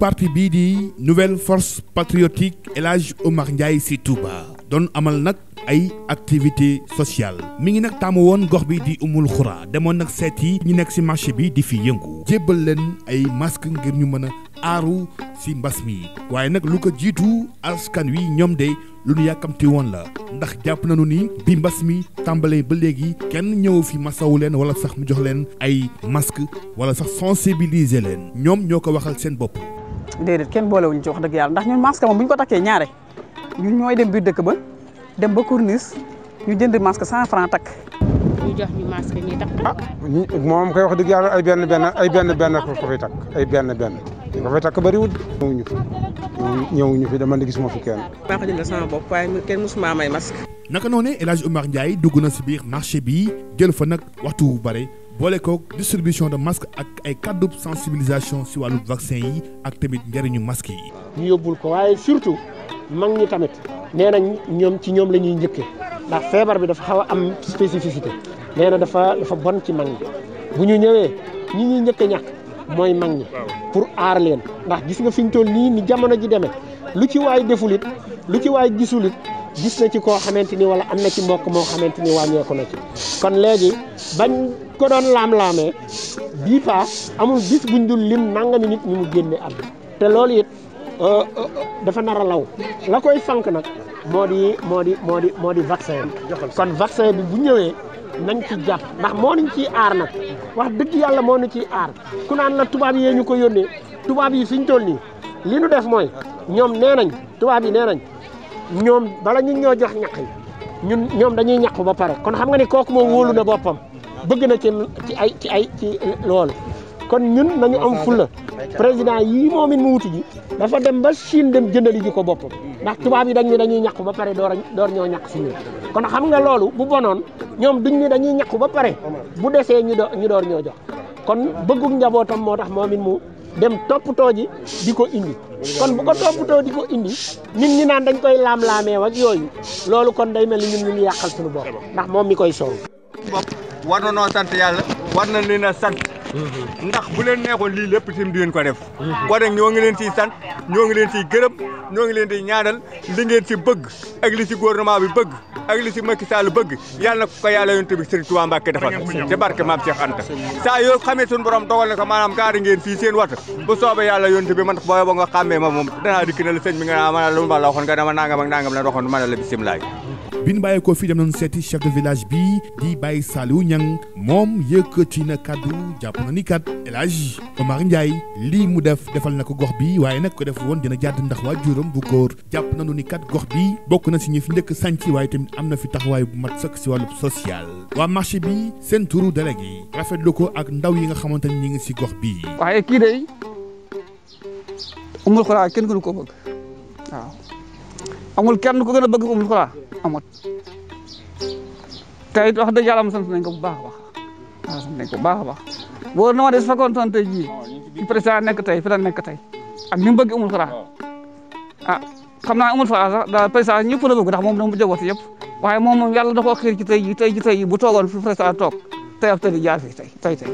parti bii di nouvelle force patriotique El Hadj Omar Ndiaye si Touba doon amal nag ay activité sociale mi ngi nag taamu woon gox bi di umul xuraa demoon nag seet yi ñu nekk si marché bi di fi yëngu jébbal leen ay masque ngir ñu mën a aaru si mbas mi waaye nag lu ko jiitu askan wi ñoom de lu ñu yàkkamti woon la ndax jàpp nañu ni bi mbas mi tàmbalee ba léegi kenn ñëw fi masawu leen wala sax mu jox leen ay masque wala sax sensibiliser leen ñoom ñoo ko waxal seen bopp déedéet kenn boolewuñ ci wax yàlla ndax ñun masque moom bu ñu ko takkee ñaare dem biir dëkk ba dem ba corniche ñu jënd masque cent franc takk. ñu jox ñu masque ñuy takk. Ah, moom koy wax dëgg yàlla ay benn benn ay benn benn ko fay takk ay benn benn ko fay takk bëriwul. ñëwuñu fi ñëwuñu fi dama di gis moo fi kenn. maa ko jënd sama bopp waaye kenn mësuma may masque. naka noonu ne El Hadj Omar dugg na si biir marché bi jël fa nag waxtu wu bare. boole kook distribution de masque ak ay kàddu sensibilisation si wàllu vaccin yi ak tamit njëriñu masque yi. ñu yóbbul ko waaye surtout mag ñi tamit nee nañ ñoom ci ñoom la ñuy njëkkee ndax feebar bi dafa xaw a am spécificité nee dafa dafa bon ci mag ñi bu ñu ñëwee ñi ñuy njëkk a ñàkk mooy mag ñi pour aar leen ndax gis nga fi ñu toll nii ni jamono ji demee lu ci waay deful it lu ci waay gisul gis na ci koo xamante ni wala am na ci mbokk moo xamante ni wàññeeku na ci kon léegi bañ ko doon laam-laamee bii paa amul bis buñ dul lim nangami nit ñu mu génne àdduna te loolu it euh, euh, euh, dafa nar a law la koy fank nag moo di moo di moo di moo di vaccin bi kon vaccin bi bu ñëwee nañ ci jàpp ndax moo nañ ci aar nag wax dëgg yàlla moo nu ci aar ku naan la tubaab yee ñu ko yónnee tubaab yi fi ñu toll nii li nu def mooy ñoom nee nañ tubaab yi nee nañ ñoom bala ñu ñoo jox ñaq ñun ñoom dañuy ñaqu ba pare kon xam nga ni kooku moom wóolu na boppam bëgg na ci ci ay ci ay ci loolu kon ñun nañu am fulla président yii moom it mu wuti ji dafa dem ba Chine dem jëndali ji ko boppam ndax tubaab yi dañu dañuy ñàkk ba pare door door ñoo ñàkk si ñun kon xam nga loolu bu bonoon ñoom duñ ni dañuy ñàkk ba pare bu desee ñu door ñu door ñoo jox kon bëggum njabootam moo tax moom it mu dem toppatoo ji di ko indi kon bu ko toppatoo di ko indi nit ñi naan dañ koy laam-laamee ak yooyu loolu kon day mel ni ñun ñu ngi yàqal suñu bopp ndax moom mi koy soow bopp war na noo sant yàlla war na leen a sant mhm. ndax bu leen neexoon lii lépp tim di leen ko def mhm. ko nag ñoo ngi leen ciy sant ñoo ngi leen ciy gërëm ñoo ngi leen di ñaanal li ngeen ci bëgg ak li ci maa bi bëgg ak li si Macky Sall bëgg yàlla na ko yàlla yonent bi Serigne Touba Mbacké defal ci barke maam Cheikh Anta saa yoo xamee suñu borom dogal na ko gaari ngeen fii wat bu soobee yàlla yonent bi man booy nga xàmmee ma moom danaa dikk na la nga naa mën a lu ma la waxoon nga dama nangam ak nangam la waxoon mën a la bisimilaay bi ñu bàyyeekoo fii dem nañu seeti chef de village bi di Baye Saliou Niang moom yëkkati na kaddu jàpp na ni kat El Hadj Omar Ndiaye lii mu def defal na ko gox bi waaye nag ko def woon dina jàdd ndax waajuram bu góor jàpp nañu ni kat gox bi bokk na si ñi fi njëkk sànc waaye tamit am na fi taxawaay bu mat sëkk si wàllu social waa marché bi seen turu délégué rafetlu ko ak ndaw yi nga xamante ni ñu ngi si gox bi waaye kii day umul xolaa kenn ko bëgg amut te it wax dëgg yàlla am sant nañ ko bu baax baax waaw ah, bu baax a baax wóor na ma de su fekkoon toon tey jii président nekk tey fi la nekk tey ak ni mu bëgg amul xalaat ah xam naa amul xalaat sax daal président ñëpp la moom ndax moom dama bu jabooti yëpp waaye moom moom yàlla da koo xiir ci tey jii tey jii tey jii bu toogoon fi président toog tey jaar fii tey tey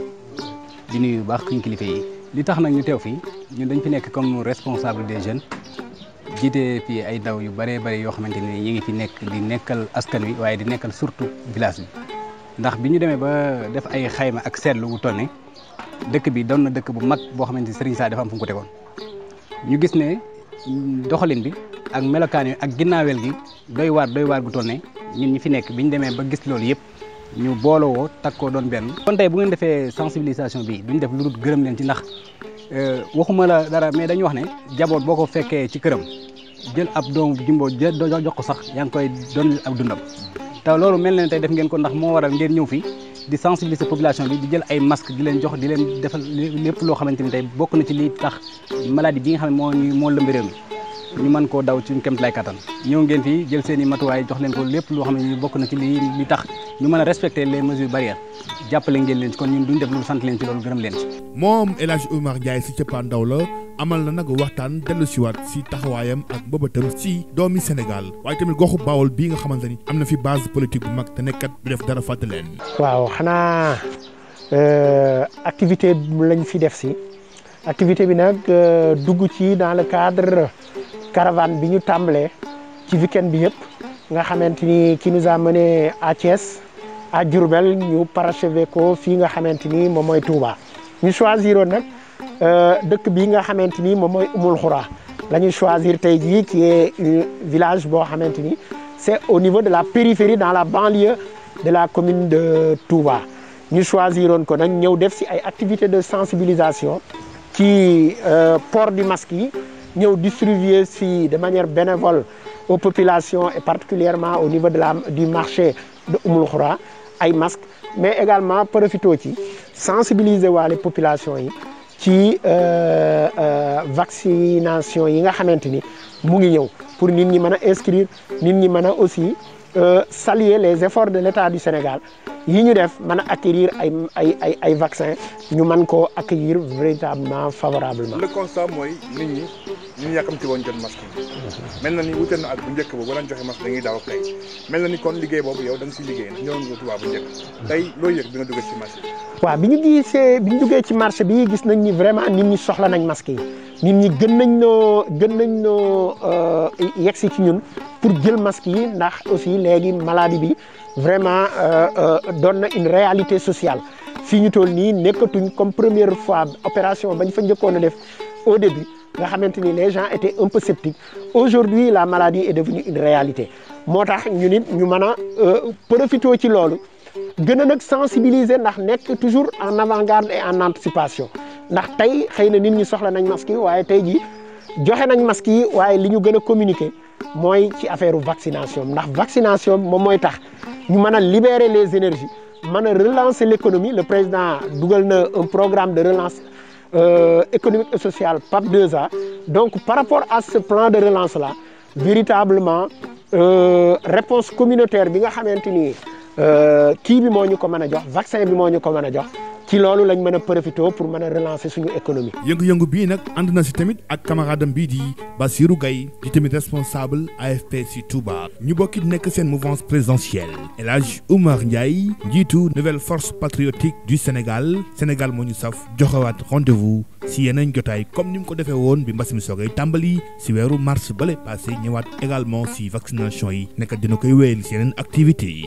di nuyu bu baax kuñ kilifa yi li tax nag ñu teew fii ñun dañ fi nekk comme responsable des jeunes jiite fii ay ndaw yu bëree bëri yoo xamante ni ñu ngi fi nekk di nekkal askan wi waaye di nekkal surtout village bi ndax bi ñu demee ba def ay xayma ak seetlu wu toll ne dëkk bi doon na dëkk bu mag boo xamante ni saa defam dafa am fu mu tegoon ñu gis ne doxalin bi ak melokaan yi ak ginnaaweel gi doy waar doy waar gu toll ne ñun ñi fi nekk bi ñu demee ba gis loolu yëpp ñu booloo woo takkoo doon benn. kon tey bu ngeen defee sensibilisation bi ñu def lu dul gërëm leen ci ndax Euh, waxuma la dara mais dañu wax ne jaboot boo ko fekkee ci këram jël ab doomu jimbo jël jox ko sax yaa koy doon ab dundam te loolu mel na ne tey def ngeen ko ndax moo waral ngeen ñëw fi di sensibiliser population bi di jël ay masque di leen jox di leen defal lépp loo xamante ni tey bokk na ci lii tax maladie bi nga xam ne moo moo lëmb réew mi ñu man koo daw suñu kéemtalaay kattan ñëw ngeen fii jël seen matuwaay jox leen ko lépp loo xam ne ñu bokk na ci li li tax ñu man a respecter les mesures barrières jàppale ngeen leen ci kon ñun duñ def lu sant leen ci loolu gërëm leen ci. moom El Hadj Oumar Ndiaye si cëppaandaw la amal na nag waxtaan dellu siwaat si taxawaayam ak mbëbëtam si doomi Sénégal waaye tamit goxu Bawol bii nga xamante ni am na fi base politique bu mag te nekkat du def dara fàtte leen. waaw xanaa euh, activité lañ fi def si activité bi nag euh, dugg ci dans caravane bi ñu tàmbalee ci weekend bi yëpp nga xamante ni qui nous a mené à Thiès à Diourbel ñu parachevé ko fii nga xamante ni moom mooy Touba ñu choisiroon nag euh, dëkk bii nga xamante ni moom mooy Oumoul Khoura la choisir tey jii qui est village boo xamante ni c'est au niveau de la périphérie dans la banlieue de la commune de Touba ñu choisir choisiroon ko nag ñëw def si ay activités de sensibilisation ci euh, port du masque ñëw distribuer si de manière bénévole aux populations et particulièrement au niveau de la du marché de Oumoul Khoura ay masques mais également profito ci sensibiliser waale population yi ci euh, euh, vaccination yi nga xamante ni mu ngi ñëw pour nit ñi mën a inscrire nit ñi mën a aussi euh, saluer les efforts de l'État du Sénégal yi ñu def mën a acquérir ay ay ay ay vaccin ñu man koo accueillir véritablement favorablement. le constat mooy nit ñi ñu yàkkamti woon jot masque yi. na ni wute ak njëkk ba bu joxe masque dañuy daaw ak tey mel na ni kon liggéey boobu yow da si liggéey ndax ñëwoon nga tubaab bu njëkk ci marché waaw bi ñu gisee bi ñu ci marché bi gis nañ ni vraiment nit ñi soxla nañ masque yi ñi gën nañ noo gën nañ noo euh, yegsi ci ñun pour jël mask yi ndax aussi léegi maladie bi vraiment euh, euh, doon na une réalité sociale fii ñu toll nii nekkatuñ comme première fois opération bañ fa njëkkoon a def au début nga xamante ni les gens étaient un peu sceptiques aujourd'hui la maladie est devenue une réalité moo tax ñu nit ñu mën a euh, profité ci loolu gën a nag sensibiliser ndax nekk toujours en avant-garde et en anticipation ndax tey xëy na nit ñi soxla nañ masque yi waaye tey jii joxe nañ masque yi waaye li ñu gën a communiquer mooy ci affaire vaccination ndax vaccination moom mooy ñu mën a libérer les énergies mën a relancer l' économie le président dugal na un programme de relance euh, économique et sociale PAP 2A donc par rapport à ce plan de relance là véritablement euh, réponse communautaire bi nga xamante ni. Euh, kii bi moo ñu ko mën a jox vaccin bi moo ñu ko mën a jox ci loolu lañ mën a profité pour mën a relancer suñu économie. yëngu-yëngu bii nag ànd na si tamit ak camaradam bii di Bassirou gay di tamit responsable AFP si Touba. ñu bokkit nekk seen mouvance présidentielle El Hadj Oumar Ndiaye njiitu nouvelle force patriotique du Sénégal Sénégal moo ñu saf joxewaat rendez-vous si yeneen jotaay comme ni mu ko defee woon bi mbas mi soogay tàmbali si weeru mars bale passé ñëwaat également si vaccination yi nekk dina koy wéyal si yeneen yi.